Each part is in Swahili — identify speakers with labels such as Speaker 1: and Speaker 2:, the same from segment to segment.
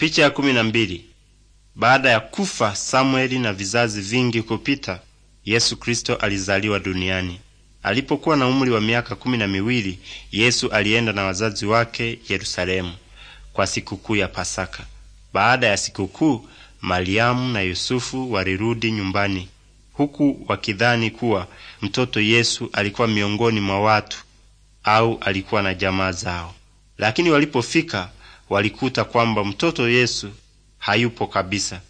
Speaker 1: Picha ya kumi na mbili. Baada ya kufa Samueli na vizazi vingi kupita, Yesu Kristo alizaliwa duniani. Alipokuwa na umri wa miaka kumi na miwili, Yesu alienda na wazazi wake Yerusalemu kwa sikukuu ya Pasaka. Baada ya sikukuu, Mariamu na Yusufu walirudi nyumbani, huku wakidhani kuwa mtoto Yesu alikuwa miongoni mwa watu au alikuwa na jamaa zao, lakini walipofika walikuta kwamba mtoto Yesu hayupo kabisa.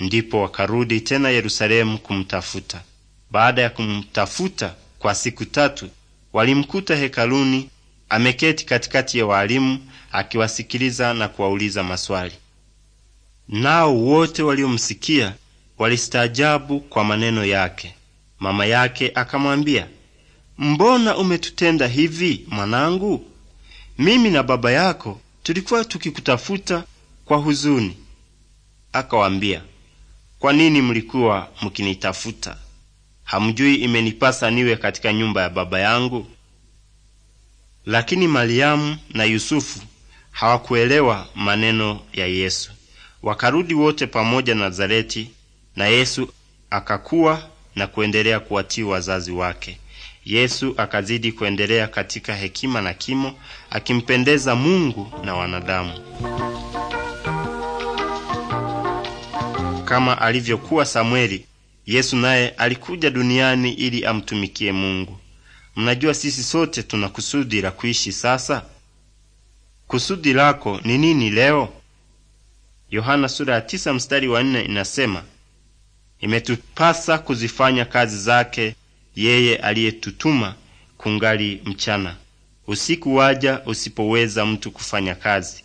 Speaker 1: Ndipo wakarudi tena Yerusalemu kumtafuta. Baada ya kumtafuta kwa siku tatu, walimkuta hekaluni ameketi katikati ya walimu akiwasikiliza na kuwauliza maswali. Nao wote waliomsikia walistaajabu kwa maneno yake. Mama yake akamwambia, mbona umetutenda hivi mwanangu? Mimi na baba yako tulikuwa tukikutafuta kwa huzuni. akawambia kwa nini mlikuwa mkinitafuta? Hamjui imenipasa niwe katika nyumba ya Baba yangu? Lakini Mariamu na Yusufu hawakuelewa maneno ya Yesu. Wakarudi wote pamoja Nazareti, na Yesu akakuwa na kuendelea kuwatii wazazi wake. Yesu akazidi kuendelea katika hekima na kimo, akimpendeza Mungu na wanadamu. Kama alivyokuwa Samweli, Yesu naye alikuja duniani ili amtumikie Mungu. Mnajua sisi sote tuna kusudi la kuishi sasa. Kusudi lako ni nini leo? Yohana sura ya tisa mstari wa nne inasema, imetupasa kuzifanya kazi zake yeye aliyetutuma kungali mchana. Usiku waja usipoweza mtu kufanya kazi.